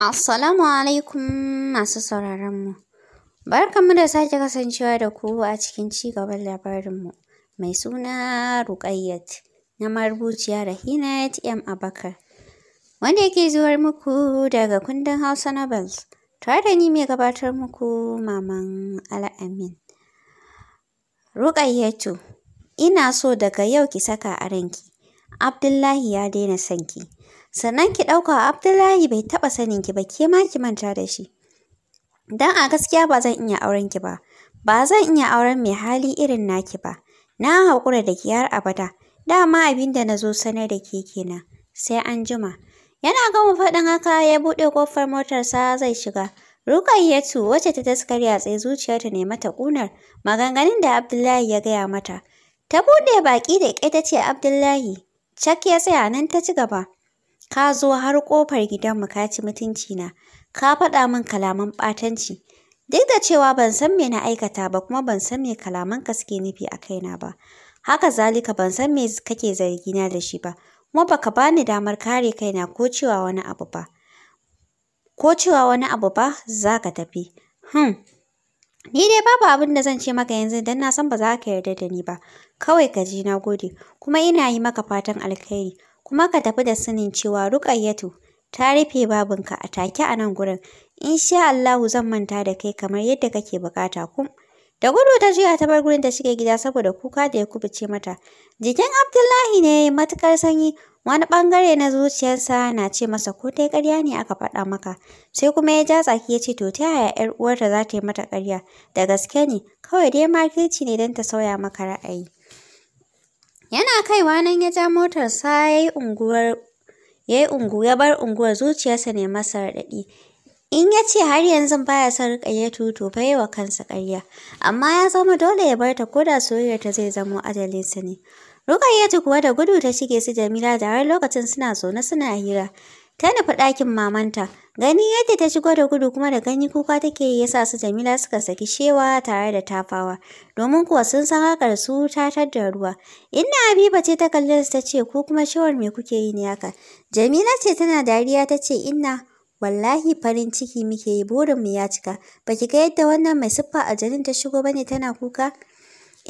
Assalamu alaikum masu sauraronmu. Barkanmu da sake kasancewa da ku a cikin ci gaban labarinmu mai suna Ruƙayyat na marubuciya Rahinat M. Abakar wanda yake zuwar muku daga kundin Hausa Novels tare da ni mai gabatar muku Maman Al'amin. Ruƙayyatu, ina so daga yau ki saka a ranki, Abdullahi ya daina sanki. sannan ki ɗauka Abdullahi bai taɓa sanin ki ba ke ma ki manta da shi. Dan a gaskiya ba zan iya auren ki ba, ba zan iya auren mai hali irin naki ba. Na haƙura da ki har abada, dama abin da na zo sanar da ke kenan, sai an jima. Yana gama faɗin haka ya buɗe ƙofar motarsa zai shiga. Rukayyatu wacce ta taskarya a tsaye zuciyarta ne mata ƙunar maganganun da Abdullahi ya gaya mata. Ta buɗe baƙi da ita ce Abdullahi, cak ya tsaya nan ta ci gaba. Ka zo har ƙofar gidanmu ka ci na ka faɗa min kalaman ɓatanci. Duk da cewa ban san me na aikata ba kuma ban san me kalamanka suke nufi a kaina ba. Haka zalika ban san me kake zargina da shi ba, kuma baka bani damar kare kaina ko cewa wani abu ba. Ko cewa wani abu ba za ka tafi. Hmm. Ni dai babu abin da zan ce maka yanzu dan na san ba za ka yarda da ni ba. Kawai ka ji na gode, kuma ina yi maka fatan alkhairi. kuma ka tafi da sanin cewa Rukayyatu ta rufe babinka a take a nan gurin. sha Allahu zan manta da kai kamar yadda kake bukata ku Da gudu ta juya ta bar gurin ta shige gida saboda kuka da ya kubuce mata. Jikin Abdullahi ne matukar sanyi wani bangare na zuciyarsa na ce masa ko ta ƙarya ne aka faɗa maka. Sai kuma ya ja tsaki ya ce to ta yaya ‘yar uwarta za ta yi mata ƙarya? Da gaske ne kawai dai makirci ne don ta sauya maka ra'ayi. Yana kaiwa nan ya ja motarsa ya yi unguwar ya ungu ya bar unguwar zuciyarsa ne masa raɗaɗi. In ya ce har yanzu baya son riƙa tuto fa yi wa kansa ƙarya, amma ya zama dole ya bar ta ko da soyayyarta zai zamo ajalinsa ne. Rukayyatu kuwa da gudu ta shige su Jamila da har lokacin suna zaune suna hira. Ta nufi ɗakin mamanta, Ganin yadda ta shigo da gudu kuma da gani kuka take yi sa su Jamila suka saki shewa tare da tafawa, domin kuwa sun san hakar su ta da ruwa. Inna Habiba ce ta kalli su ta ce ko kuma shawar me kuke yi ne haka? Jamila ce tana dariya ta ce Inna wallahi farin ciki muke yi burinmu ya cika. Ba ki ga yadda wannan mai siffa a janin ta shigo bane tana kuka?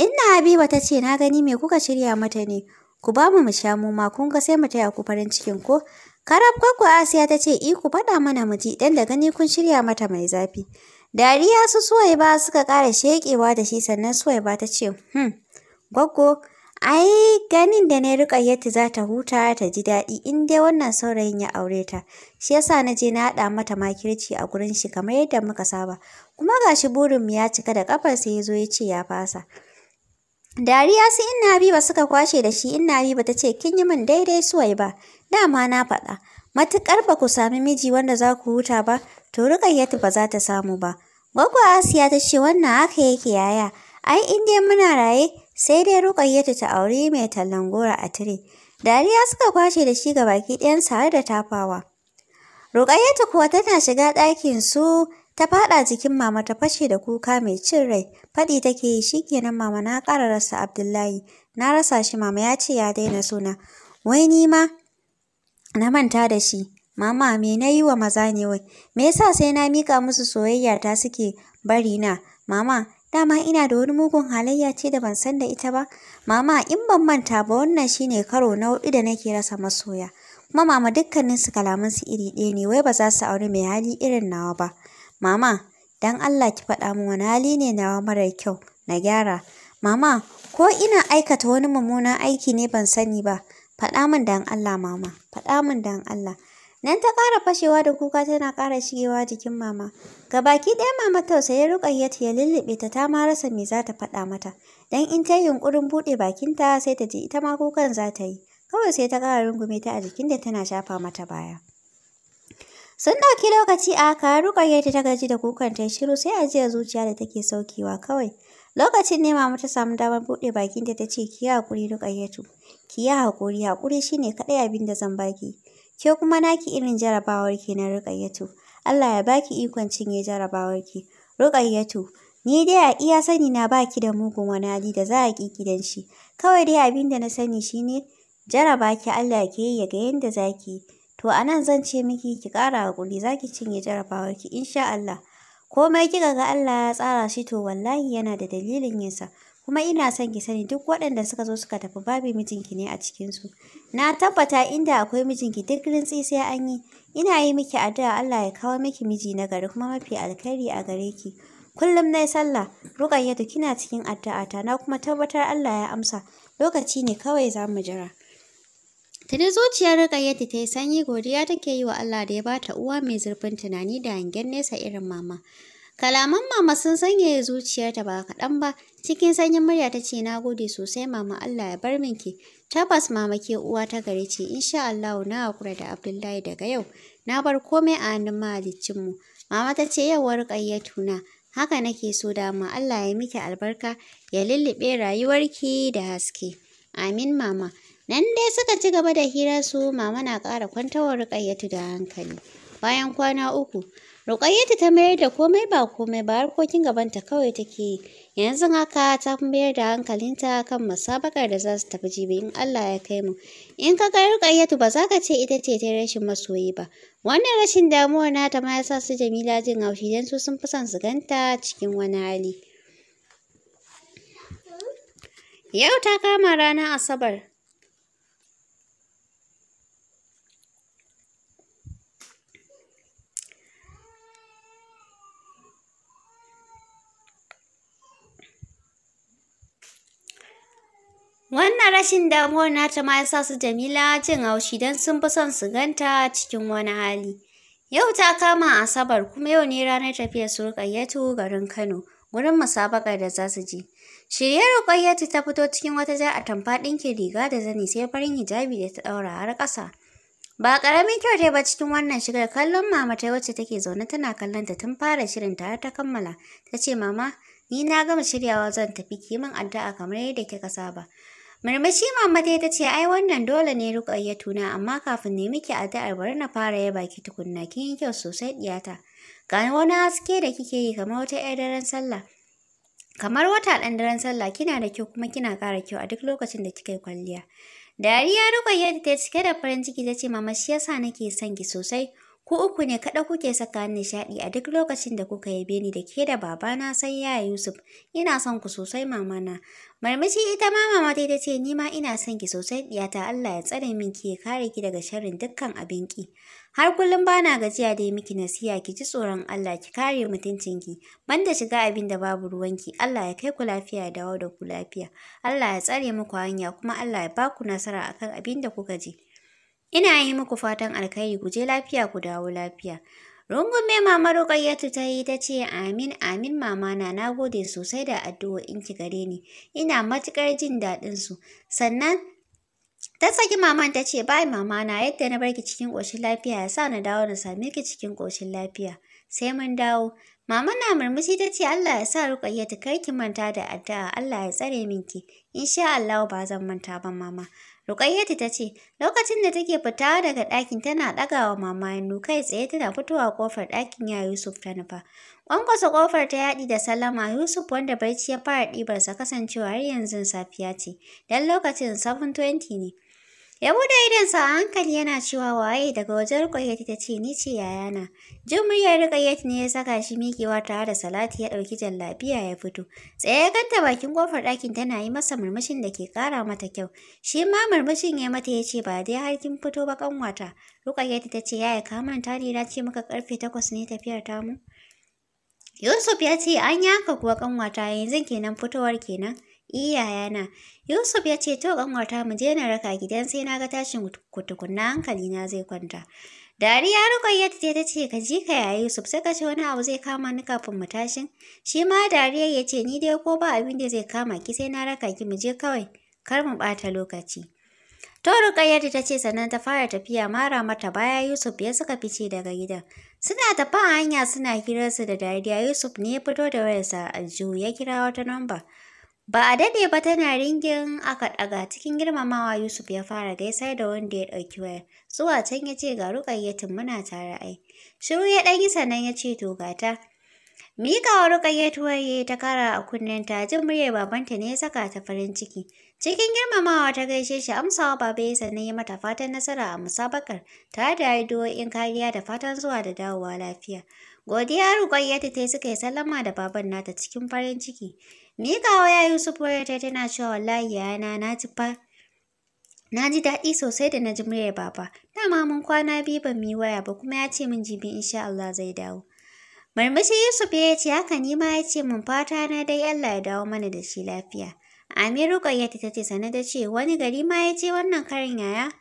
Inna Habiba ta ce na gani me kuka shirya mata ne? Ku ba mu mu sha mu ma kun ga sai mu taya ku farin cikin ko? Karab kwakwa Asiya ta ce iku faɗa mana muji dan da gani kun shirya mata mai zafi. Dariya su Suwaiba suka ƙara sheƙewa da shi sannan Suwaiba ta ce, "Hmm, gwaggo, ai ganin da na riƙayyata za ta huta ta ji daɗi in dai wannan saurayin ya aure ta. Shi yasa na je na haɗa mata makirci a gurin shi kamar yadda muka saba. Kuma gashi burinmu ya cika da ƙafarsa ya zo ya ce ya fasa." Dariya su Inna Habiba suka kwashe da shi Inna biba ta ce, "Kin yi min daidai ba Dama na faɗa, matuƙar ba ku sami miji wanda za ku huta ba, to Rukayyatu ba za ta samu ba. gwagwa Asiya ta ce wannan haka yake yaya, ai in dai muna raye sai dai Rukayyatu ta auri mai tallan gora a tire. Dariya suka kwashe da shi ga baki ɗayansa har da tafawa. Rukayyatu kuwa tana shiga ɗakin su ta faɗa jikin mama ta fashe da kuka mai cin rai. Faɗi take yi shi shikenan mama na ƙara rasa Abdullahi. Na rasa shi mama ya ce ya daina suna. Wai ni ma Na manta da shi. Mama, me na yi wa maza ne wai? Me yasa sai na mika musu soyayya ta suke bari na? Mama, dama ina da wani mugun halayya ce da ban san da ita ba. Mama, in ban manta ba wannan shine karo na hudu da nake rasa masoya. Kuma mama dukkanin su kalaman su iri ɗaya ne, wai ba za su auri mai hali irin nawa ba. Mama, dan Allah ki faɗa min wani hali ne nawa mara kyau, na gyara. Mama, ko ina aikata wani mummunan aiki ne ban sani ba. Faɗa min dan Allah mama, faɗa min dan Allah. Nan ta ƙara fashewa da kuka tana ƙara shigewa jikin mama. Ga baki ɗaya mama tausayin Ruƙayyatu ya lullube ta ta ma rasa me za ta faɗa mata. Dan in ta yi yunƙurin buɗe bakinta sai ta ji ita ma kukan za ta yi. Kawai sai ta ƙara rungume ta a jikin da tana shafa mata baya. Sun ɗauki lokaci a haka Ruƙayyatu ta gaji da kukan ta shiru sai ajiyar zuciya da take saukewa kawai. Lokacin ne mama ta samu damar buɗe bakinta ta ce ki haƙuri Ruƙayyatu. ki yi Hakuri haƙuri shine kaɗai abin da zan baki ke kuma naki irin jarabawar ki na ruƙayyatu Allah ya baki ikon cinye jarabawar ki ruƙayyatu ni dai a iya sani na baki da mugun wani hali da za a ƙi gidan shi kawai dai abin da na sani shine jaraba ki Allah ke yi ya ga yadda za ki to a nan zan ce miki ki ƙara hakuri za ki cinye jarabawar ki insha Allah komai kika ga Allah ya tsara shi to wallahi yana da dalilin yinsa kuma ina son ki sani duk waɗanda suka zo suka tafi babu mijinki ne a cikinsu. Na tabbata inda akwai mijinki duk rintsi sai an yi. Ina yi miki addu'a Allah ya kawo miki miji na gari kuma mafi alkhairi a gare ki. Kullum na sallah, Ruqayyatu kina cikin addu'ata na kuma tabbatar Allah ya amsa. Lokaci ne kawai za mu jira. Tuni zuciyar Rukayyatu ta yi sanyi godiya take yi wa Allah da ya bata uwa mai zurfin tunani da hangen nesa irin mama. Kalaman mama sun sanyaya zuciyarta ba kaɗan ba, Cikin sanyin murya ta ce na gode sosai mama Allah ya bar min ki. Tabbas mama ke uwa ta gare ce insha Allah na hakura da Abdullahi daga yau. Na bar komai a hannun mahaliccinmu. Mama ta ce yau warƙayyatu tuna. Haka nake so dama Allah ya miki albarka ya lullube rayuwarki da haske. Amin mama. Nan dai suka ci gaba da hira su mama na ƙara kwantawar ruƙayyatu da hankali. Bayan kwana uku, Ruƙayyatu ta mayar da komai ba komai ba harkokin gabanta kawai take yi. Yanzu haka ta mayar da hankalinta kan musabakar da za su tafi jibi in Allah ya kai mu. In ka ga Ruƙayyatu ba za ka ce ita ce ta rashin masoyi ba. Wannan rashin na nata ma ya sa su Jamila jin haushi dan su sun fi son su ganta cikin wani hali. Yau ta kama ranar Asabar. Wannan rashin damuwar nata ma ya su Jamila jin haushi don sun fi son su ganta cikin wani hali. Yau ta kama Asabar kuma yau ne ranar tafiyar su Rukayyatu garin Kano, wurin musabakar da za su je. Shirye Rukayyatu ta fito cikin wata jar atamfa ɗinkin riga da zani sai farin hijabi da ta ɗaura har ƙasa. Ba ƙaramin kyau ta ba cikin wannan shigar kallon mama ta wacce take zaune tana kallon ta tun fara shirin ta ta kammala. Ta ce mama, ni na gama shiryawa zan tafi kiman addu'a kamar yadda kika saba. Murmushi mamma ta ce ai wannan dole ne tuna amma kafin ne miki addu'ar bari na fara ya baki tukunna kin yi kyau sosai diyata. Ga wani haske da kike yi kamar wata 'yar daren sallah. Kamar wata ɗan daren sallah kina da kyau kuma kina ƙara kyau a duk lokacin da kika yi kwalliya. Dariya Rukayya ta cike da farin ciki ta ce mama shi yasa nake son ki sosai Ku uku ne kaɗa kuke saka nishaɗi a duk lokacin da kuka yabe ni da ke da babana sai ya Yusuf. Ina son ku sosai mamana. marmishi ita ma mama ta ce ni ma ina son ki sosai ɗiyata Allah ya tsare min ki ya kare ki daga sharrin dukkan abin ki. Har kullum bana gajiya da miki nasiha ki ji tsoron Allah ki kare mutuncin ki. Banda shiga abin da babu ruwanki Allah ya kai ku lafiya ya dawo da ku lafiya. Allah ya tsare muku hanya kuma Allah ya baku nasara akan abin da kuka je. Ina yi muku fatan alkhairi ku je lafiya ku dawo lafiya. Rungume mama Rukayyatu ta yi ta ce amin amin mama na na gode sosai da ki gare ni. Ina matuƙar jin daɗin su. Sannan ta saki maman ta ce bai mama na yadda na barki cikin ƙoshin lafiya ya sa na dawo na same ki cikin ƙoshin lafiya. Sai mun dawo. Mama na murmushi ta ce Allah ya sa Rukayyatu kar ki manta da addu'a Allah ya tsare minki. Insha Allah ba zan manta ba mama. Rukayyatu ta ce lokacin da take fita daga ɗakin tana ɗagawa mama hannu kai tsaye tana fitowa kofar ɗakin ya Yusuf ta nufa. Kwankwasa kofar ta yaɗi da salama Yusuf wanda barci ya fara ɗibarsa kasancewa har yanzu safiya ce. Dan lokacin 7:20 ne. Ya buɗe idonsa a hankali yana cewa waye daga wajen Rukayyati ta ce ni ce yayana. Jin muryar Rukayyati ne ya saka shi miƙewa tare da Salati ya ɗauki jallabiya ya fito. Tsaye ganta bakin kofar ɗakin tana yi masa murmushin da ke kara mata kyau. Shi ma murmushin ya mata ya ce ba dai har kin fito ba ƙanwata. Rukayyati ta ce yaya ka manta ni na ce maka karfe takwas ne tafiyar tamu. Yusuf ya ce an yanka kuwa ƙanwata yanzu kenan fitowar kenan. iyayana. Yusuf ya ce, To, kanwata mu je na raka gidan sai na ga tashin kutukunna hankali na zai kwanta. Dariya Rukayyat ce ta ce, Ka ji ka Yusuf, sai ka ce wani abu zai kama ni kafin mu tashin. Shi ma Dariya ya ce, Ni dai ko ba abin da zai kama ki sai na raka ki mu je kawai, kar mu bata lokaci. To Rukayyat ta ce sannan ta fara tafiya mara mata baya Yusuf ya suka fice daga gidan. Suna tafa hanya suna kiransu da dariya Yusuf ne ya fito da wayarsa aljihu ya kira wata namba. Ba a daɗe ba tana ringin aka ɗaga cikin girmamawa Yusuf ya fara gaisar da wanda ya ɗauki waya, Zuwa can ya ce ga rukayyatin muna tare ai. Shiru ya ɗan yi sannan ya ce to gata. Mika wa rukayyatu waye ta kara a kunnen ta, jin muryar babanta ne ya saka ta farin ciki. Cikin girmamawa ta gaishe shi amsawa baba ya sannan ya mata fatan nasara a musabakar tare da in kariya da fatan zuwa da dawowa lafiya. Godiya rukayyatu ta yi suka yi sallama da baban nata cikin farin ciki. Mika ya Yusuf ta tana cewa wallahi yana na ji fa na ji daɗi sosai da na ji muryar baba dama mun kwana biyu ban yi waya ba kuma ya ce min jibi insha Allah zai dawo marmashi Yusuf ya ce haka ni ma ya ce mun fata na dai Allah ya dawo mana da shi lafiya Amiru Qayyati ta ce sanar da ce wani gari ma ya ce wannan karin yaya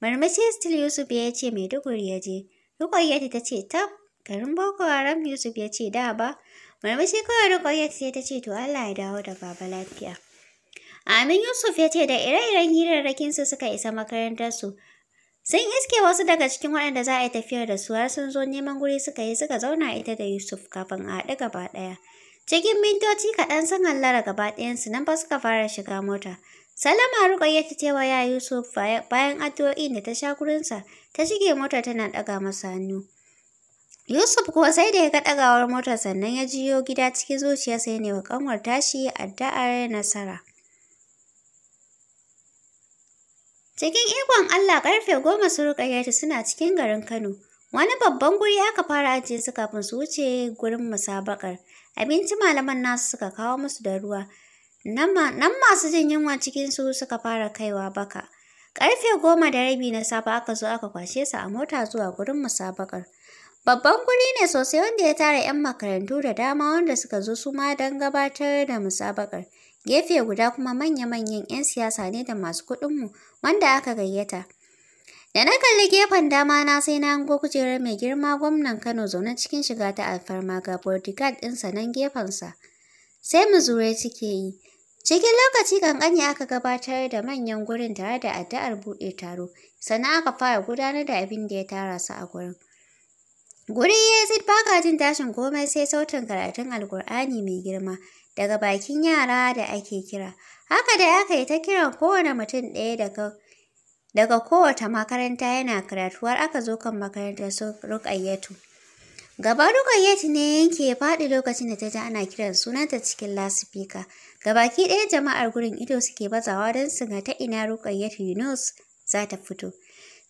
marmashi Still Yusuf ya ce Maiduguri ya je Ruqayyati ta ce tab garin Boko Haram Yusuf ya ce da ba shi kawai Rukayyat sai ta ce to Allah ya dawo da baba lafiya. Amin Yusuf ya ce da ire-iren hirarrakin su suka isa makarantar su. Sun iske wasu daga cikin waɗanda za a yi tafiyar da su har sun zo neman guri suka yi suka zauna ita da Yusuf kafin a haɗu gaba ɗaya. Cikin mintoci kaɗan sun hallara gaba ɗayansu nan ba suka fara shiga mota. Salama ya ta ce ya Yusuf bayan addu'o'in da ta sha gurinsa, ta shige mota tana ɗaga masa hannu. Yusuf kuwa sai da ya ga ɗagawar mota sannan ya jiyo gida cikin zuciya sai ne wa ƙanwar tashi addu'ar nasara. Cikin ikon Allah karfe goma su ruƙayyata suna cikin garin Kano. Wani babban guri aka fara ajiye su kafin su wuce gurin musabakar. Abinci malaman nasu suka kawo musu da ruwa. Nan masu jin yunwa su suka fara kaiwa baka. Karfe goma da rabi na safe aka zo aka kwashe su a mota zuwa gurin musabakar. Babban guri ne sosai wanda ya tara 'yan makarantu da dama wanda suka zo su ma don gabatar da musabakar. Gefe guda kuma manya-manyan 'yan siyasa ne da masu kuɗinmu wanda aka gayyata. Da na kalli gefen dama na sai na hango kujerar mai girma gwamnan Kano zaune cikin shiga ta alfarma ga bodyguard ɗinsa nan gefensa. Sai mu zure cike yi. Cikin lokaci ƙanƙani aka gabatar da manyan gurin tare da addu'ar buɗe taro, sannan aka fara gudanar da abin da ya tara su a gurin. Guri ya yi baka jin tashin komai sai sautin karatun Alkur'ani mai girma daga bakin yara da ake kira. Haka da aka yi ta kiran kowane mutum ɗaya daga daga kowace makaranta yana karatuwar aka zo kan makarantar su Rukayyatu. Gaba Rukayyatu ne yanke faɗi lokacin da ta ji ana kiran sunanta cikin lasifika. baki ɗaya jama'ar gurin ido suke bazawa don su ga ta ina Rukayyatu Yunus za ta fito.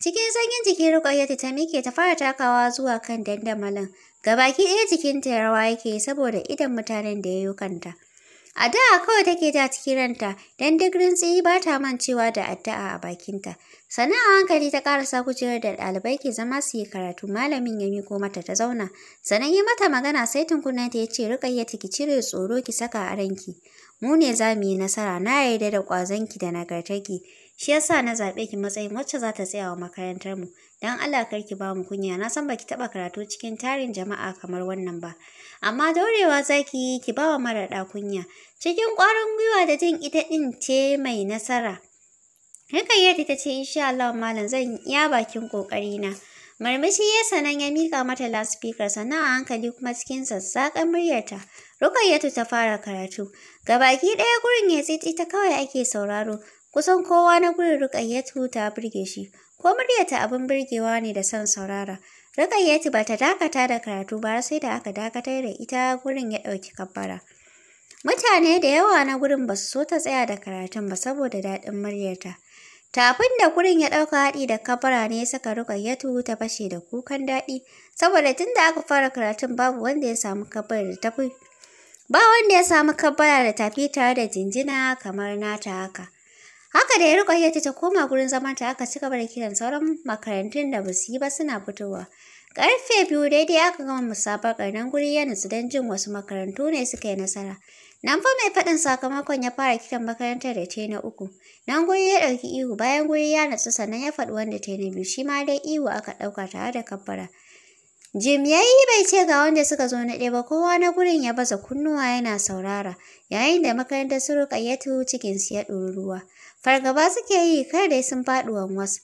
Cikin sanyin jiki Rukayyatu ta mike ta fara takawa zuwa kan dandamalin. Gabaki ɗaya jikinta ya rawa yake saboda idan mutanen da ya yi kanta. A da kawai take ta cikin ranta, don duk rintsi ba ta mancewa da addu'a a bakinta. sannan a hankali ta karasa kujerar da ɗalibai ke zama su yi karatu malamin ya miko mata ta zauna. Sannan yi mata magana sai tunkunanta ya ce ta ki cire tsoro ki saka a ranki. Mu ne za mu yi nasara na yarda da ƙwazonki da nagartarki. Shi yasa na zaɓe ki matsayin wacce za ta tsaya wa makarantar mu. Dan Allah kar ki ba mu kunya. Na san baki taɓa karatu cikin tarin jama'a kamar wannan ba. Amma daurewa za ki yi ki ba wa marada kunya. Cikin ƙwarin gwiwa da jin ita ɗin ce mai nasara. yadda ta ce insha Allah malam zan iya bakin kokari na. Marmashi ya sanan ya mika mata loudspeaker sannan a hankali kuma cikin sassaƙan muryarta. Rukayyatu ta fara karatu. Gabaki ɗaya gurin ya tsitsi ta kawai ake sauraro. Kusan kowa na gurin Ruƙayyatu ta birge shi, ko muryarta abin birgewa ne da son saurara. Ruƙayyatu ba ta dakata da karatu ba sai da aka dakatar da ita gurin ya ɗauki kabbara. Mutane da yawa na gurin ba su so ta tsaya da karatun ba saboda daɗin muryarta. Tafin da gurin ya ɗauka haɗi da kabara ne saka rukayyatu ta fashe da kukan daɗi, saboda tun da aka fara karatun babu wanda ya samu kabbara da tafi. Ba wanda ya samu kabara da tafi tare da jinjina kamar nata haka. Haka da ya rukayya ta koma gurin zamanta aka ci gaba da kiran sauran makarantun da ba su yi ba suna fitowa. Karfe biyu daidai aka gama musabakar nan guri ya nutsu don jin wasu makarantu ne suka yi nasara. Nan fa mai faɗin sakamakon ya fara kiran makarantar da ta na uku. Nan guri ya ɗauki ihu bayan guri ya nutsu sannan ya faɗi wanda ta na biyu shi ma dai ihu aka ɗauka tare da kabbara. Jim ya yi bai ce ga wanda suka zo na ɗaya ba kowa na gurin ya baza kunnuwa yana saurara yayin da makarantar su tuhu cikinsu ya ɗoruruwa. ruwa. fargaba suke yi kai dai sun faɗuwan wasu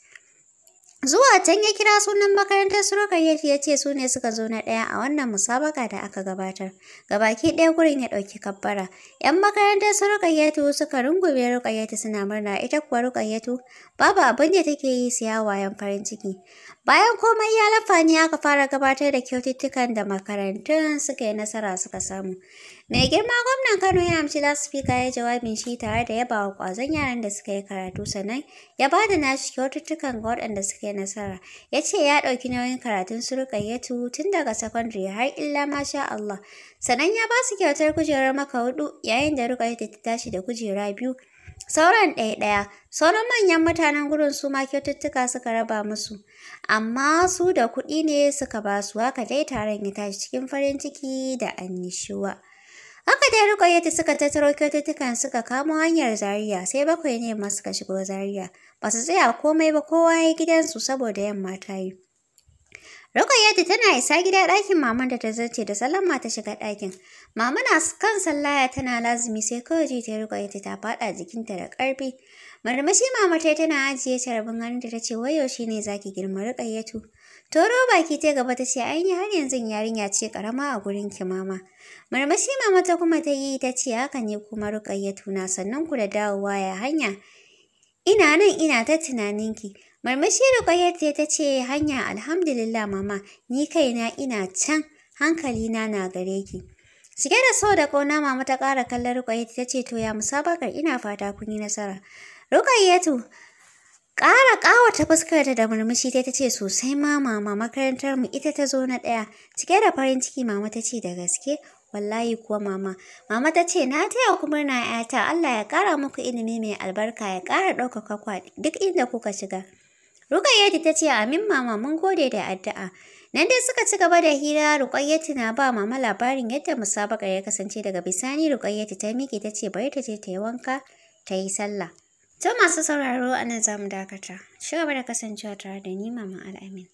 zuwa can ya kira sunan makarantar su Rukayyatu ya ce su ne suka zo na ɗaya a wannan musabaka da aka gabatar gabaki ɗaya gurin ya ɗauki kabbara yan makarantar su Rukayyatu suka rungume Rukayyatu suna murna ita kuwa Rukayyatu babu abin da take yi siya wayan farin ciki Bayan komai ya lafa ne aka fara gabatar da kyaututtukan da makarantun suka yi nasara suka samu. Mai girma gwamnan Kano ya amshi lasifika ya jawabin shi tare da yaba wa kwazon yaran da suka yi karatu sannan ya ba da nashi kyaututtukan ga waɗanda suka yi nasara. Ya ce ya ɗauki nauyin karatun su ruƙayyatu tun daga sakandare har illa masha Allah. Sannan ya ba su kyautar kujerar maka hudu yayin da ya ta tashi da kujera biyu. Sauran ɗaya-ɗaya, sauran manyan mutanen gurin su ma kyaututtuka suka raba musu, amma su da kuɗi ne suka ba su haka dai taron ya tashi cikin farin ciki da annishuwa. Haka dai Rukayyatu suka tattaro kyaututtukan suka kamo hanyar Zariya, sai bakwai ne ma suka shigo Zariya. Ba su tsaya komai ba kowa ya gidansu saboda yamma ta yi. Rukayyatu tana isa gida ɗakin maman da ta zarce da Salama ta shiga ɗakin. Mama na kan sallaya tana lazumi sai kawai ji ta Rukayyatu ta faɗa jikinta da ƙarfi. Marmashi mama ta tana ajiye carabin hannu da ta ce wai yaushe ne zaki girma Rukayyatu. Toro baki ta gaba ta ce ainihi har yanzu yarinya ce karama a gurin ki mama. Marmashi mama ta kuma ta yi ta ce haka ne kuma Rukayyatu na sannan ku da dawowa ya hanya. Ina nan ina ta tunanin ki Marmashi Ruqayyatu ta ce hanya alhamdulillah mama ni kaina ina can hankali na gare ki. Cike da so da ƙauna mama ta kara kallon Ruqayyatu ta ce to ya musabakar ina fata kun yi nasara. Rukayyatu. Ƙara ƙawata fuskarta da murmushi ta ce sosai ma mama makarantar mu ita ta zo na ɗaya. Cike da farin ciki mama ta ce da gaske wallahi kuwa mama. Mama ta ce na taya ku murna ta. Allah ya ƙara muku ilimi mai albarka ya ƙara ɗaukaka kwa duk inda kuka shiga. Rukayyatu ta ce amin mama mun gode da addu'a. Nan dai suka ci gaba da hira Rukayyatu na ba mama labarin yadda musabaƙar ya kasance daga bisani Rukayyatu ta miƙe ta ce bari ta je ta yi wanka ta yi sallah. to masu sauraro a nan za dakata. Shi gaba da kasancewa tare da ni Maman Al'amin.